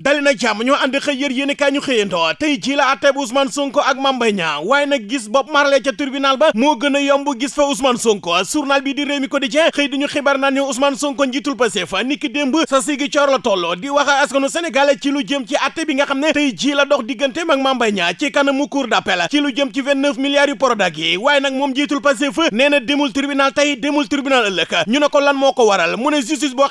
dali na jàmm ñoo ànd xëy yër yéen kaay ñu xëyandoo tey jii la àtte bu Ousmane ak Mame waaye nag gis bopp marale ca tribunal ba moo gën a yomb gis fa Ousmane Sonko journal bi di Rewmi Quotidien xëy di ñu xibaar naan ñu Ousmane Sonko njiitul Pastef niki démb sa sigi coor la toll di wax askanu Sénégal ci lu jëm ci àtte bi nga xam ne tey jii la dox digganteem ak Mame Mbaye Niang ci kanamu cour ci lu jëm ci 29 milliards yu Prodac yi waaye nag moom njiitul Pastef nee na demul tribunal tey demul tribunal ëllëg lan moo ko waral mu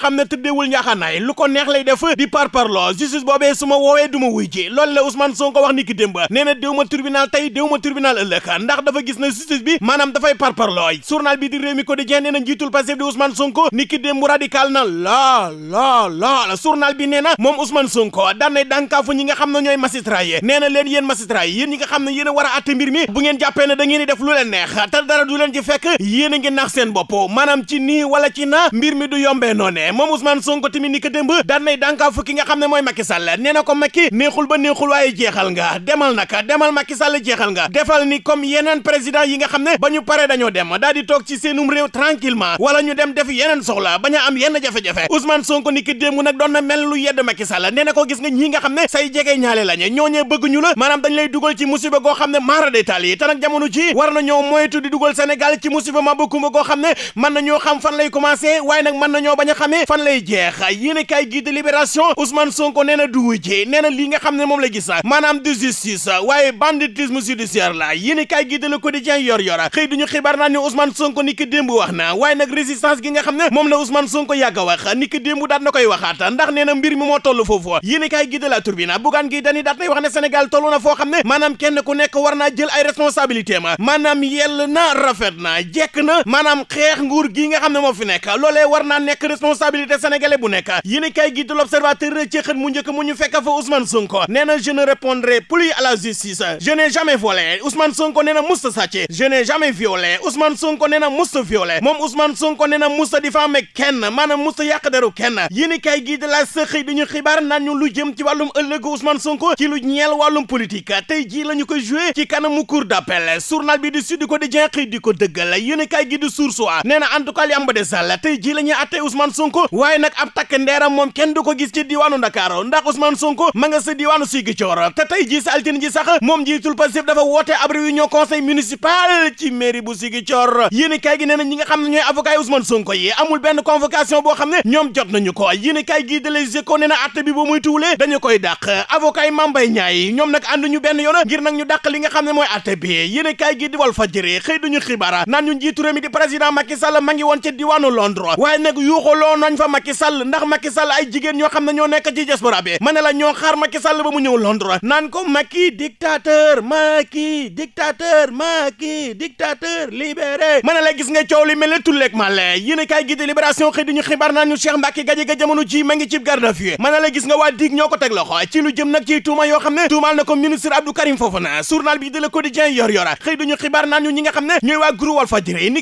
xam ne tëddeewul njaaxaanaay lu ko neex justice boobee su ma woowee du ma wuy ji loolu la Ousmane Sonko wax ni ki démb nee na ma tribunal tey déw ma tribunal ëllëg ndax dafa gis na justice bi maanaam dafay parparlooy journal bi di Rewmi Quotidien nee na njiitul Pastef di Ousmane Sonko ni ki démb radical na lool lool lool journal bi nee moom Ousmane Sonko daan nay dànkaafu ñi xam ne ñooy magistrat yi nee na leen yéen magistrat yi yéen ñi a war a atte mbir mi bu ngeen jàppee ne da ngeen di nax seen bopp maanaam ci nii wala ci na mbir mi du yombee Macky nee na ko Macky neexul ba neexul waaye jeexal nga demal naka demal Macky Sall jeexal nga defal ni comme yeneen président yi nga xam ne ba ñu pare dañoo dem daal di toog ci seenum réew tranquillement wala ñu dem def yeneen soxla bañ a am yenn jafe-jafe Ousmane Sonko ni ki démb nag doon na mel lu yedd Macky Sall nee na ko gis nga ñi nga xam ne say jege ñaale lañu ñooñee bëgg ñu la maanaam dañ lay dugal ci musiba goo xam ne maara détaal yi te nag jamono ji war na ñoo moytu di dugal Sénégal xam ne mën na ñoo xam fan lay commencé waaye nag mën na ñoo bañ a xamee fan lay jeex yéen a kaay gii de libération Ousmane Sonko ne nee na du wujjee nee na lii nga xam ne moom la gis maanaam du justice waaye banditisme judiciaire la yéen kaay gi de Le Quotidien yor yora xëy duñu xibaar ni Ousmane Sonko ni ki démb wax na waaye nag résistance gi nga xam ne moom la Ousmane Sonko yàgg wax ni ki démb daat na koy waxaat ndax nee mbir mi moo toll foofu yéen kaay gi de La Tribune bugaan gi dañi wax ne Sénégal toll na foo xam ne maanaam kenn ku nekk war naa jël ay responsabilité gi nga xam ne moo fi nekk loolee war naa nekk responsabilité sénégalais bu nekk njëkk mu ñu fekk fa Ousmane Sonko nee na je ne répondrai plus à la justice je n'ai jamais volé Ousmane Sonko nee na musta sàcc je n'ai jamais violé Sonko nee musta violé moom Ousmane Sonko nee na musta diffamé kenn maanaam musta yàq deru kenn yéen kay gi de la sëxi di ñu xibaar naan lu jëm ci wàllum ëllëgu Ousmane Sonko ci lu ñeel wàllum politique tey jii la ñu ko joué ci kanamu cour d'appel journal bi di Sud Quotidien xëy di ko dëggal yéen kay gi di Source A nee na en tout cas li am ba desal tey jii la ñuy àtte Ousmane Sonko waaye nag ab takk ndeeram moom kenn du ko gis ci diwaanu Ndakaaru ndax Ousmane Sonko ma nga sa diwaanu Ziguinchor te tey jii si sax moom jiitul Pastef dafa woote ab réunion conseil ci mairie bu Ziguinchor yéen kaay gi nee ñi nga xam ne ñooy avocat yi Ousmane yi amul benn convocation boo xam ne ñoom jot nañu ko yéen kaay gii de Les Échos nee na muy tuulee dañu koy dàq avocat Mambay Ñaay ñoom nag ànd ñu benn yoon ngir nag ñu dàq li nga xam ne mooy àtte bi yéen kaay di Walf Fadjri xëy duñu ñoo xam ne ñoo nekk bi ma ne la ñoo xaar Macky Sall ba mu ñëw Londres naan ko Macky dictateur Macky dictateur Macky dictateur libéré ma ne la gis nga coow li mel ne tulleeg male yéen a kaay gi de libération xëy ñu xibaar naan ñu Cheikh Mbacké Gadiaga cib garde à gis nga waa dig ñoo ko teg loxo ci lu jëm nag ci tuuma yoo xam ne tuumaal na ministre Abdou Karim Fofana journal bi de Le Quotidien yor yora xëy duñu xibaar naan ñu ñi nga xam ne ñooy waa groupe Walfadjri ni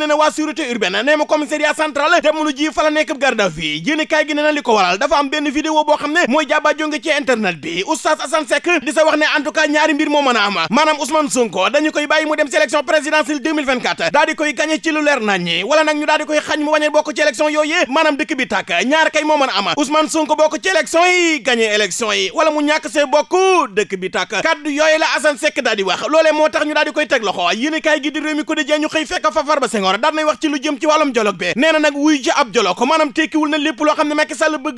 génne na waa sûreté urbaine nee ma nekk garde à vue yéen gi ne na li ko waral dafa am benn vidéo boo xam ne mooy jaaba jonge ci internet bi oustaz Assane Seck di sa wax ne en ñaari mbir moo mën a am maanaam Ousmane Sonko dañu ci élection présidentielle 2024 dëkk bi tàkk ñaar kay moo mën a am Ousmane Sonko bokk ci élection yi gagné élection yi wala mu ñàkk see bokk dëkk bi tàkk kaddu yooyee la Assane Seck daal wax loolee moo tax ñu daal koy teg loxo yéen kaay gi di réew Senghor daan nay wax ci lu jëm ci wàllum dialogue bi nee na nag wuy ji ab dialogue maanaam tekkiwul na lépp loo xam ne Macky la ngir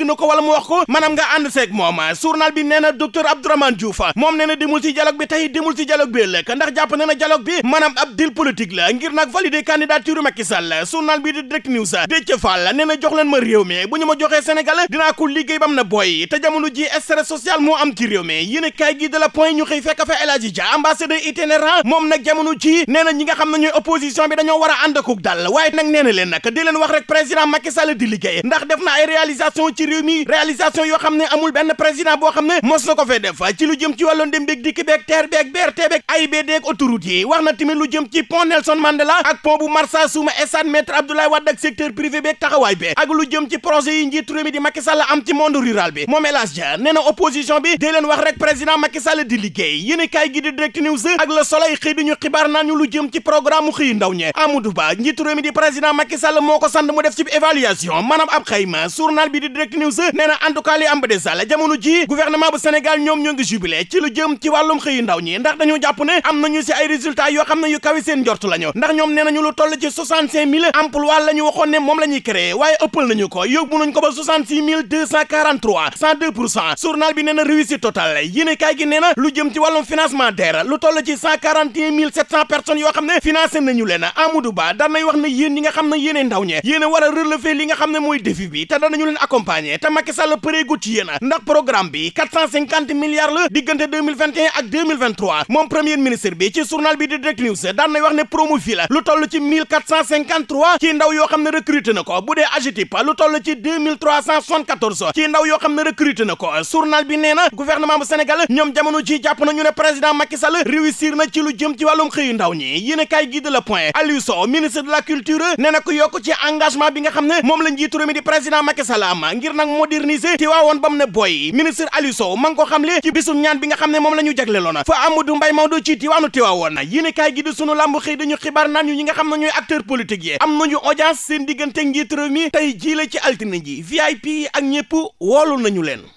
bi di direct news Déthié Fall nee na ma réew mi bu ñu ma joxee Sénégal dinaa ko liggéey bam na boy te jamono ji stress social moo am ci réew mi yéen a kaay point ñu xëy fekk fa El Hadji Dia ambassadeur itinérant moom nag jamono ji nee ñi nga xam ne ñooy bi dañoo war a ànd akuk dal waaye nag nee na leen nag di leen wax rek président Macky Sall di liggéey ndax def na ay réalisation ci réew mi yoo xam ne amul benn président boo xam ne mos na ko fee def ci lu jëm ci wàllu dem beeg dikk beeg terre beeg BRT beeg AIBD ak autoroute yi wax na tamit lu jëm ci pont Nelson Mandela ak pont bu Marsassoum Essane Maître Abdoulaye Wade ak secteur privé beeg taxawaay bi ak lu jëm ci projet yi njiitu réew di Macky Sall am ba njiitu mi di président Macky Sall ko sant mu def ci évaluation maanaam ab xayma journal bi di direct news nee na en am ba de Sall jamono ji gouvernement bu Sénégal ñoom ñoo ngi jubilé ci lu jëm ci wàllum xëyu ndaw ñi ndax dañu jàpp ne am nañu si ay résultats yoo xam ne yu njort lañu ndax ñoom nee nañu lu toll ci 65000 emploi la ñu waxoon ne moom la ñuy créé waaye ëppal nañu ko yóbbu nañu ko ba 66243 102 gi nee lu jëm ci wàllum candidat wax ne yéen ñi nga xam ne yéenee ndaw ñe yéen a war li nga xam ne mooy défi bi te danañu leen accompagner te Macky Sall pareegul ci yéen ndax programme bi 450 milliards la diggante 2021 ak 2023 moom premier ministre bi ci journal bi di Direct News daan nay wax ne Promovilles la lu toll ci 1453 ci ndaw yoo xam ne recruté na ko bu dee AGETIP lu toll ci 2374 ci ndaw yoo xam ne recruté na ko journal bi nee na gouvernement bu Sénégal ñoom jamono ji jàpp nañu ne président Macky Sall réussir na ci lu jëm ci wàllum xëyu ndaw ñi yéen a kaay gi de la point ministre de la culture ne ko yokk ci engagement bi nga xam ne moom la njiitu réew mi di président Macky Sall am ngir nag moderniser Tiwaawoon ba mu ne boy ministre Aliou Sow ma ngi ko xamle ci bisu ñaan bi nga xam ne moom la ñu jagleloon fa Amadou Mbaye Maodo ci Tiwaanu Tiwaawoon yéene kaay gi di sunu làmb xëy dañu xibaar naan ñu ñi nga xam ne ñooy acteur politique yi am nañu audience seen diggante njiitu réew mi tey jii la ci altine ji VIP ak ñëpp woolu nañu leen